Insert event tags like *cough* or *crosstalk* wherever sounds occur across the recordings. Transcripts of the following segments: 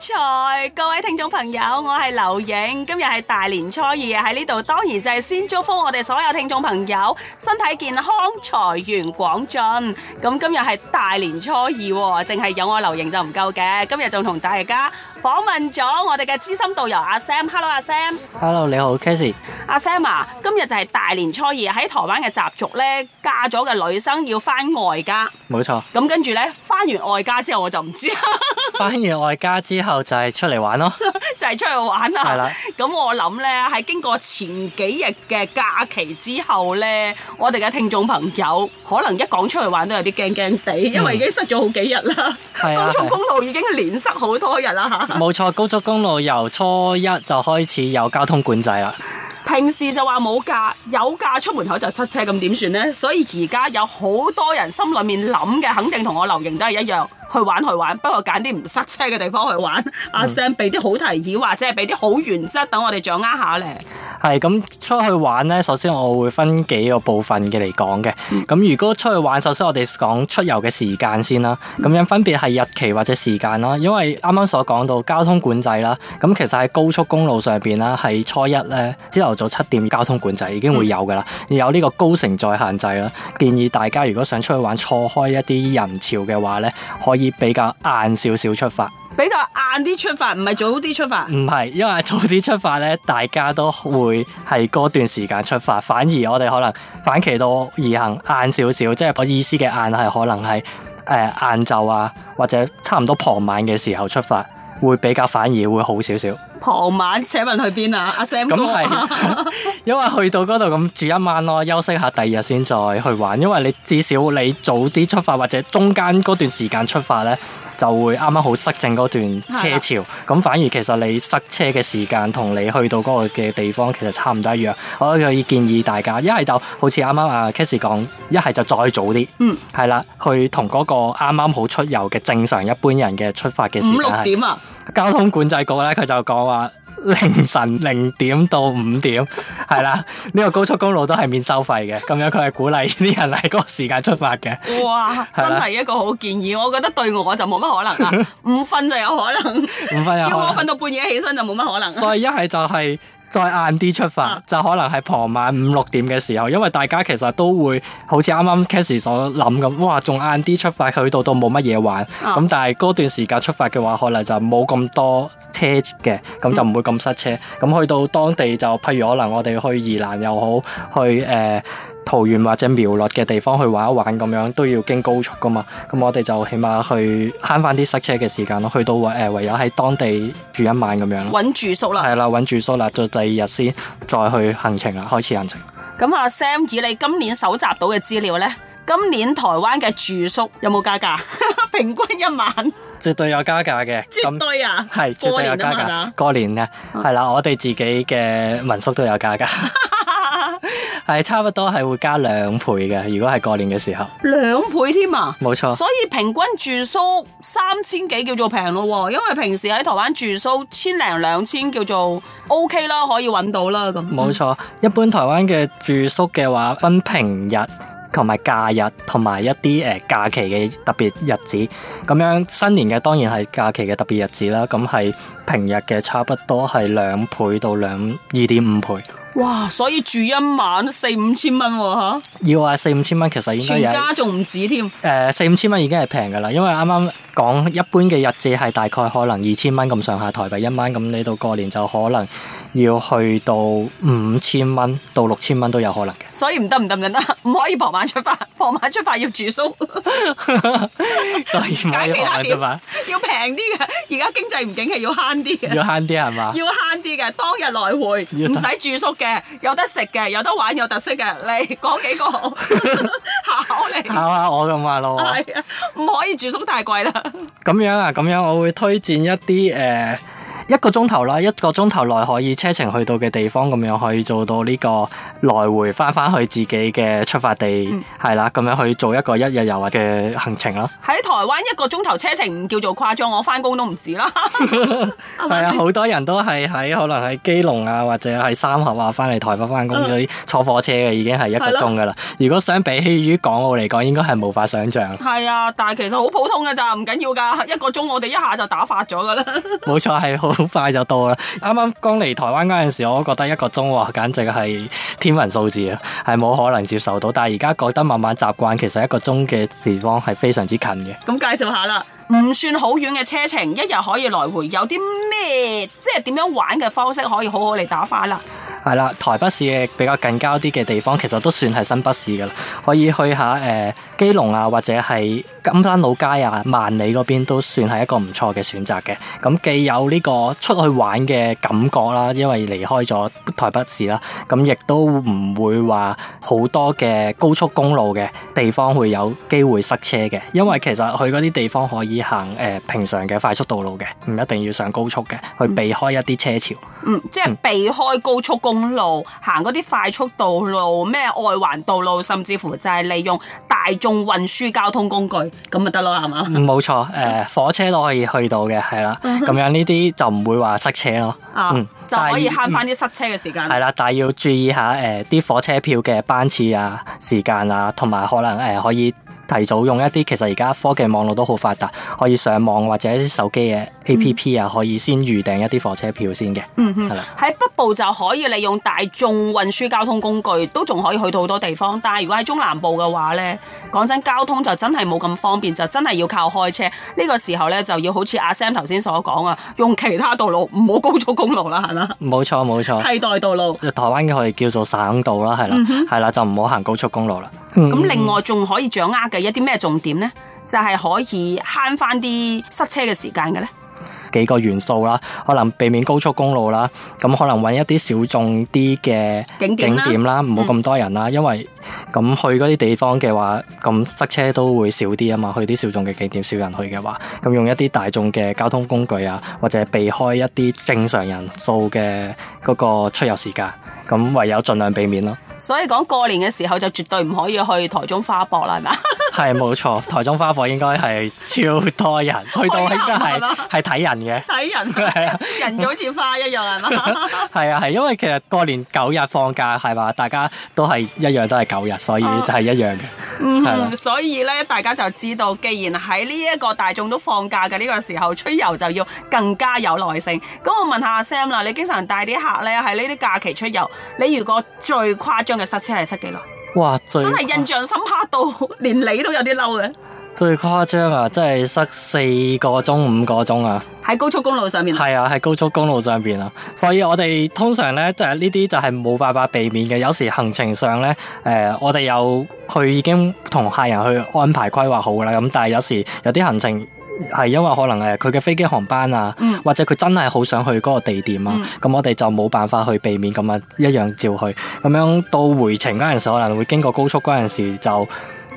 財各位聽眾朋友，我係劉影，今日係大年初二喺呢度，當然就係先祝福我哋所有聽眾朋友身體健康，財源廣進。咁今日係大、哦大、啊、大年初二，淨係有我劉影就唔夠嘅，今日仲同大家訪問咗我哋嘅資深導遊阿 Sam。Hello，阿 Sam。Hello，你好 c a s h y 阿 Sam 啊，今日就係大年初二，喺台灣嘅習俗呢，嫁咗嘅女生要翻外家。冇錯錯。咁跟住呢，翻完外家之後，我就唔知。 *laughs* 翻完外家之後就係出嚟玩咯， *laughs* 就係出去玩啦、啊。咁 *laughs* 是的 我諗呢，喺經過前幾日嘅假期之後呢，我哋嘅聽眾朋友可能一講出去玩都有啲驚驚地，嗯、因為已經塞咗好幾日啦。是的 高速公路已經連塞好多日啦。冇 *laughs* 錯，高速公路由初一就開始有交通管制啦。 *laughs* 平時就話冇假，有假出門口就塞車，咁點算呢？所以而家有好多人心裏面諗嘅，肯定同我留盈都係一樣。去玩去玩，不過揀啲唔塞車嘅地方去玩。阿、嗯啊、Sam 俾啲好提議，或者係俾啲好原則，等我哋掌握下咧。係咁出去玩呢，首先我會分幾個部分嘅嚟講嘅。咁如果出去玩，首先我哋講出遊嘅時間先啦。咁樣分別係日期或者時間啦。因為啱啱所講到交通管制啦，咁其實喺高速公路上邊啦，喺初一咧朝頭早七點交通管制已經會有嘅啦，有呢個高乘載限制啦。建議大家如果想出去玩錯開一啲人潮嘅話呢，可以，以比較晏少少出發，比較晏啲出發，唔係早啲出發。唔係，因為早啲出發咧，大家都會係嗰段時間出發，反而我哋可能反其道而行晏少少，即係我意思嘅晏係可能係誒晏晝啊，或者差唔多傍晚嘅時候出發，會比較反而會好少少。傍晚請問去邊啊？阿 Sam 哥，咁係 *laughs* *laughs* 因為去到嗰度咁住一晚咯，休息下第二日先再去玩。因為你至少你早啲出發，或者中間嗰段時間出發咧，就會啱啱好塞正嗰段車潮。咁的反而其實你塞車嘅時間同你去到嗰個嘅地方其實差唔多一樣。我可以建議大家，一係就好似啱啱阿 Kiss 講，一係就再早啲。嗯，係啦，去同嗰個啱啱好出遊嘅正常一般人嘅出發嘅時間。嗯、是五六點啊？交通管制局咧，佢就講。話凌晨零點到五點係啦，呢、 *laughs* 這個高速公路都係免收費嘅，咁樣佢係鼓勵啲人喺嗰個時間出發嘅。哇，的真係一個好建議，我覺得對我就冇乜可能、啊，唔瞓 *laughs* 就有可能，唔瞓叫我瞓到半夜起身就冇乜可能、啊。所以一係就係、是。再晏啲出發，就可能係傍晚五六點嘅時候，因為大家其實都會好似啱啱 Cassie 所諗咁，哇，仲晏啲出發去到都冇乜嘢玩，咁、啊、但係嗰段時間出發嘅話，可能就冇咁多車嘅，咁就唔會咁塞車，咁、嗯、去到當地就譬如可能我哋去宜蘭又好，去誒，呃桃園或者苗栗嘅地方去玩一玩咁樣，都要經高速噶嘛。咁我哋就起碼去慳翻啲塞車嘅時間咯。去到誒，唯有喺當地住一晚咁樣咯。搵住宿啦，係啦，搵住宿啦，就第二日先再去行程啦，開始行程。咁阿 Sam 以你今年搜集到嘅資料呢，今年台灣嘅住宿有冇加價？平均一晚絕對有加價嘅，絕對啊，係絕對有加價。過年嘅，係啦，我哋自己嘅民宿都有加價。係差不多係會加兩倍嘅，如果係過年嘅時候，兩倍添啊！冇錯，所以平均住宿三千幾叫做平咯，因為平時喺台灣住宿千零兩千叫做 OK 啦，可以搵到啦咁。嗯，冇錯，一般台灣嘅住宿嘅話，分平日同埋假日，同埋一啲誒假期嘅特別日子。咁樣新年嘅當然係假期嘅特別日子啦，咁係平日嘅差不多係兩倍到兩二點五倍。哇，所以住一晚四五千蚊喎，要啊，四五千蚊，啊，啊，千其實應該而家仲唔止添。誒、呃，四五千蚊已經係平㗎喇，因為啱啱講一般嘅日子係大概可能二千蚊咁上下台幣一晚，咁你到過年就可能要去到五千蚊到六千蚊都有可能嘅。所以唔得唔得唔得，唔可以傍晚出發，傍晚出發要住宿。 *laughs* *laughs* 所以，以，解啲壓要平啲嘅。而家吧經濟唔景氣，要慳啲嘅。要慳啲係嘛？要慳。知當日來回，唔使住宿嘅，有得食嘅，有得玩，有特色嘅。你講幾個 *laughs* 考你，考下我嘅話咯，係啊，唔可以住宿太貴啦。咁樣啊，咁樣我會推薦一啲誒。呃一個鐘頭啦，一個鐘頭內可以車程去到嘅地方咁樣，可以做到呢個來回翻翻去自己嘅出發地，係啦、嗯，咁樣去做一個一日遊嘅行程啦。喺台灣一個鐘頭車程唔叫做誇張，我翻工都唔止啦。係啊，好多人都係喺可能喺基隆啊，或者喺三峽啊翻嚟台北翻工嗰啲坐火車嘅，已經係一個鐘噶啦。的如果相比起於港澳嚟講，應該係無法想象。係啊，但係其實好普通噶咋，唔緊要噶，一個鐘我哋一下就打發咗噶啦。冇 *laughs* 錯，係好。好快就到啦！啱啱剛嚟台灣嗰陣時，我都覺得一個鐘，簡直係天文數字啊，係冇可能接受到。但係而家覺得慢慢習慣，其實一個鐘嘅地方係非常之近嘅。咁介紹下啦，唔算好遠嘅車程，一日可以來回有。有啲咩即係點樣玩嘅方式可以好好嚟打發啦？係啦，台北市嘅比較近郊啲嘅地方，其實都算係新北市噶啦。可以去下誒、呃、基隆啊，或者係金山老街啊、萬里嗰邊都算係一個唔錯嘅選擇嘅。咁既有呢個出去玩嘅感覺啦，因為離開咗台北市啦，咁亦都唔會話好多嘅高速公路嘅地方會有機會塞車嘅。因為其實去嗰啲地方可以行誒、呃、平常嘅快速道路嘅，唔一定要上高速嘅，去避開一啲車潮。嗯。嗯，即係避開高速公路，行嗰啲快速道路，咩外環道路，甚至乎～就係利用大眾運輸交通工具咁咪得咯，係嘛？嗯，冇錯，誒、呃，火車都可以去到嘅，係啦。咁 *laughs* 樣呢啲就唔會話塞車咯，哦、嗯，就可以慳翻啲塞車嘅時間。係啦、嗯，但係要注意下，誒、呃，啲火車票嘅班次啊、時間啊，同埋可能誒、呃，可以提早用一啲，其實而家科技網絡都好發達，可以上網或者手機嘅 app 啊，嗯、可以先預訂一啲火車票先嘅。係啦、嗯哼。喺了北部就可以利用大眾運輸交通工具，都仲可以去到好多地方。但係如果喺中南部嘅話咧，講真交通就真係冇咁方便，就真係要靠開車。呢、這個時候咧就要好似阿 Sam 頭先所講啊，用其他道路，唔好高速公路啦，係嘛、啊？冇錯冇錯，替代道路。台灣嘅可以叫做省道啦，係啦，係啦、嗯哼，就唔好行高速公路啦。咁、嗯、哼另外仲可以掌握嘅一啲咩重點咧，就係、是、可以慳翻啲塞車嘅時間嘅咧。幾個元素啦，可能避免高速公路啦，咁可能搵一啲小眾啲嘅景、景點啦，唔好咁多人啦，嗯、因為咁去嗰啲地方嘅話，咁、嗯、塞車都會少啲啊嘛，去啲小眾嘅景點少人去嘅話，咁用一啲大眾嘅交通工具啊，或者避開一啲正常人數嘅嗰個出遊時間，咁唯有盡量避免咯。所以講過年嘅時候就絕對唔可以去台中花博啦，係咪？係冇 *laughs* 錯，台中花火應該係超多人，行去到應該係係睇人嘅。睇人係啊，人就好似花一樣係嘛？係啊係，因為其實過年九日放假係嘛，大家都係一樣都係九日，所以就係一樣嘅。啊、吧嗯，所以咧大家就知道，既然喺呢一個大眾都放假嘅呢、呢個時候出遊就要更加有耐性。咁我問下 Sam 啦，你經常帶啲客咧喺呢啲假期出遊，你如果最誇張嘅塞車係塞幾耐？哇！真係印象深刻到，連你都有啲嬲嘅。最誇張啊，真係塞四個鐘五個鐘啊！喺高速公路上面係啊，喺、啊、高速公路上面啊，所以我哋通常呢，就係呢啲就係冇辦法避免嘅。有時行程上呢，誒、呃，我哋有佢已經同客人去安排規劃好㗎啦。咁但係有時有啲行程。係因為可能誒，佢嘅飛機航班啊，嗯、或者佢真係好想去嗰個地點啊，咁、嗯、我哋就冇辦法去避免，咁啊一樣照去。咁樣到回程嗰陣時，可能會經過高速嗰陣時就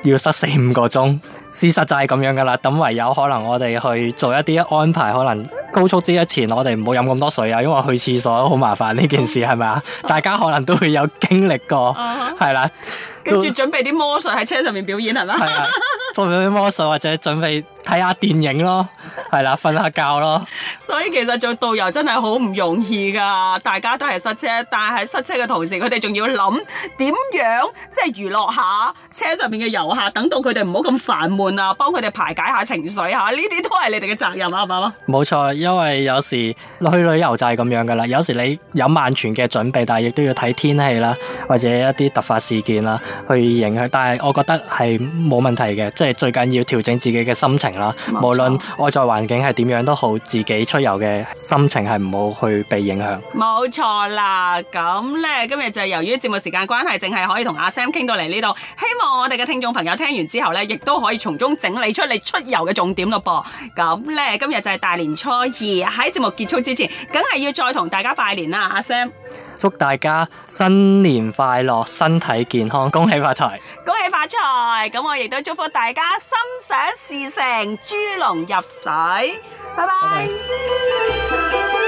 要塞四五個鐘。事實就係咁樣噶啦。咁唯有可能我哋去做一啲安排，可能高速之前我哋唔好飲咁多水啊，因為去廁所好麻煩呢件事係咪？嗯、吧大家可能都會有經歷過，係啦、嗯。跟吧住準備啲魔術喺車上面表演係咪？係啦，做埋啲魔術或者準備。 *laughs* 睇下電影咯，係啦，瞓下覺咯。 *laughs* 所以其實做導遊真係好唔容易噶，大家都係塞車，但係塞車嘅同時，佢哋仲要諗點樣即係娛樂下車上面嘅遊客，等到佢哋唔好咁煩悶啊，幫佢哋排解下情緒吓、啊，呢啲都係你哋嘅責任，係咪啊？冇錯，因為有時去旅遊就係咁樣噶啦。有時你有萬全嘅準備，但係亦都要睇天氣啦，或者一啲突發事件啦，去影響。但係我覺得係冇問題嘅，即係最緊要調整自己嘅心情。無論外在環境係點樣都好，自己出遊嘅心情係唔好去被影響。冇錯啦，咁呢今日就由於節目時間關係，淨係可以同阿 Sam 傾到嚟呢度。希望我哋嘅聽眾朋友聽完之後呢，亦都可以從中整理出你出遊嘅重點咯噃。咁呢今日就係大年初二，喺節目結束之前，梗係要再同大家拜年啦，阿 Sam，祝大家新年快樂，身體健康，恭喜發財。恭喜咁我亦都祝福大家心想事成，豬籠入水，拜拜。